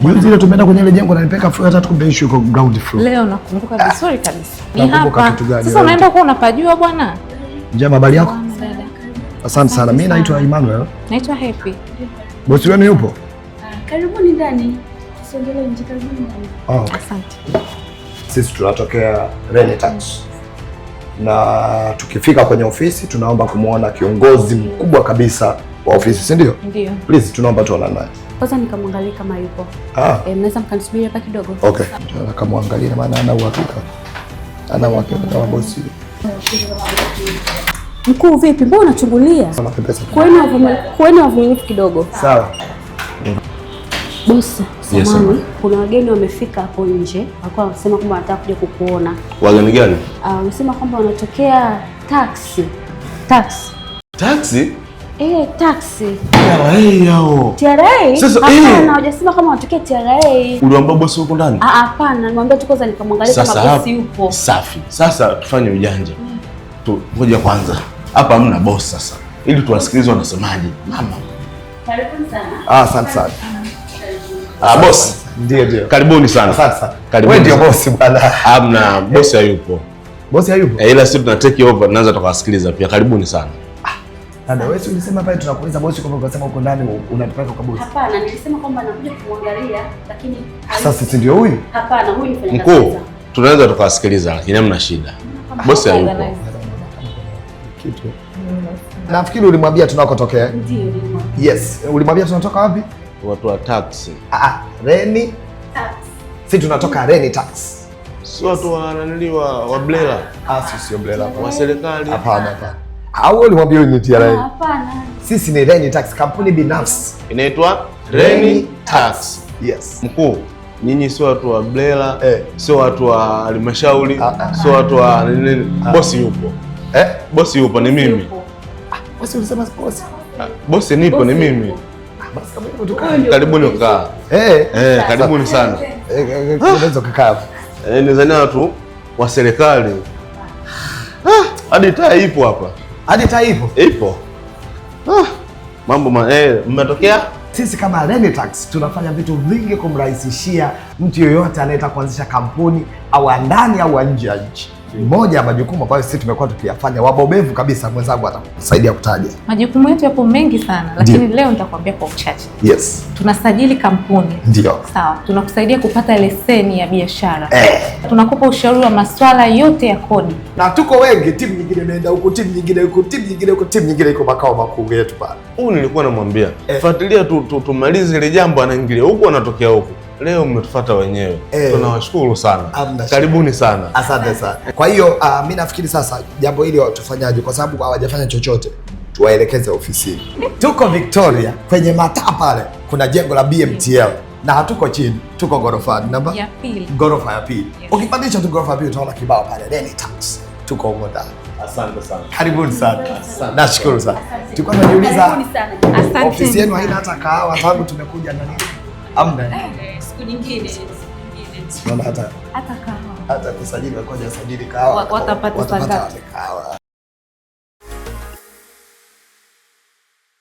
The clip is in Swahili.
Juzi ile tumeenda kwenye ile jengo na nipeka floor tatu, kumbe issue iko ground floor. Leo nakumbuka ah, vizuri kabisa. Ni hapa. Sasa unaenda kwa unapajua bwana. Njema, habari yako? Asante sana. Mimi naitwa Emmanuel. Naitwa Happy. Bosi wenu yupo? Ah, Karibuni ndani. Tusongelee nje, oh. asante. Sisi tunatokea Renetax na tukifika kwenye ofisi tunaomba kumwona kiongozi mkubwa kabisa wa ofisi, si ndio? Ndio. Please tunaomba tuonane naye. Kwanza nikamwangalia kama yupo. Ah. Eh, mnaweza mkanisubiri hapa kidogo? Okay. na maana ana uhakika. Ana uhakika kama bosi. Mkuu vipi? Mbona unachungulia? Kuweni wavumilivu kidogo. Sawa. Bosi, samahani. Yes, kuna wageni wamefika hapo nje, walikuwa wanasema kwamba wanataka kuja kukuona. Wageni gani? Ah, uh, wamesema kwamba wanatokea taxi. Taxi? Taxi? Eh, taxi. TRA yao. TRA? Sasa hapana, hujasema eh. kama unatokea TRA. Uliambia bosi yuko ndani? Ah, ah hapana, nilimwambia tu kwanza nikamwangalia kama bosi yupo. Safi. Sasa tufanye ujanja. Tu ngoja kwanza. Hapa hamna bosi sasa. Ili tuwasikilize wanasemaje. Mama. Karibuni sana. Ah, asante sana. Ah, bosi. Ndio ndio. Karibuni sana. Asante sana. Karibuni. Wewe ndio bosi bwana. Hamna, bosi hayupo. Bosi hayupo. Eh, ila sisi tuna take over, tunaanza tukawasikiliza pia. Karibuni sana. Dada wewe ulisema pale tunakuuliza bosi kwamba ukasema uko ndani unatupeleka kwa bosi. Hapana, nilisema kwamba nakuja kumwangalia lakini sasa sisi ndio huyu? Hapana, huyu ni mfanyakazi. Mkuu, tunaweza tukawasikiliza lakini hamna shida. Bosi hayupo. Kitu. Nafikiri ulimwambia tunakotokea. Ndio, Yes, ulimwambia tunatoka wapi? Watu wa taxi. Ah ah, Reni taxi. Sisi tunatoka Reni taxi. Sio watu wa wananiliwa wa Blela. Ah, sio Blela. Wa serikali. Hapana, hapana. Au ulimwambia hiyo ni TRA? Ah, hapana. Sisi ni Reni Tax, kampuni binafsi inaitwa Reni Tax. Yes. Mkuu, nyinyi sio watu wa Blela eh, sio watu wa halmashauri, ah, ah. sio watu wa nini. Bosi yupo eh? Bosi yupo ni mimi. Bosi ulisema bosi. Bosi nipo ni mimi. Karibuni kukaa. Eh, eh, karibuni sana. Unaweza eh, eh, eh, kukaa. Eh, ni zani watu wa serikali. Ah, hadi taa ipo hapa hadi taa ipo ipo. Ah, mambo ma eh, mmetokea. Sisi kama Renetax tunafanya vitu vingi kumrahisishia mtu yoyote anayetaka kuanzisha kampuni au ndani au nje ya nchi moja ya majukumu ambayo sisi tumekuwa tukiyafanya, wabobevu kabisa, mwenzangu atakusaidia kutaja. Majukumu yetu yapo mengi sana, lakini Ndiyo. leo nitakwambia kwa uchache. Yes. Tunasajili kampuni. Ndio. Sawa, tunakusaidia kupata leseni ya biashara eh. Tunakupa ushauri wa masuala yote ya kodi, na tuko wengi, timu nyingine inaenda huku, timu nyingine huku, timu nyingine huku, timu nyingine iko makao makuu yetu pale. Huyu nilikuwa namwambia eh, fuatilia tu tumalize ile jambo, anaingilia huku anatokea huku leo mmetufuata wenyewe e. Tunawashukuru sana, ah, karibuni sana, asante sana. Kwa hiyo uh, mi nafikiri sasa jambo hili tufanyaje, kwa sababu hawajafanya chochote, tuwaelekeze ofisini. Tuko Victoria kwenye mataa pale, kuna jengo la BMTL na hatuko chini, tuko ghorofani namba ya pili, ghorofa ya pili. Ukipandisha tu ghorofa ya pili utaona kibao pale Reni Tax, tuko humo ndani. Asante sana, karibuni sana, nashukuru sana. Tulikuwa tunajiuliza ofisi yenu haina hata kahawa, sababu tumekuja na nini Eh, eh, siku nyingine hata kusajili watapata kawa.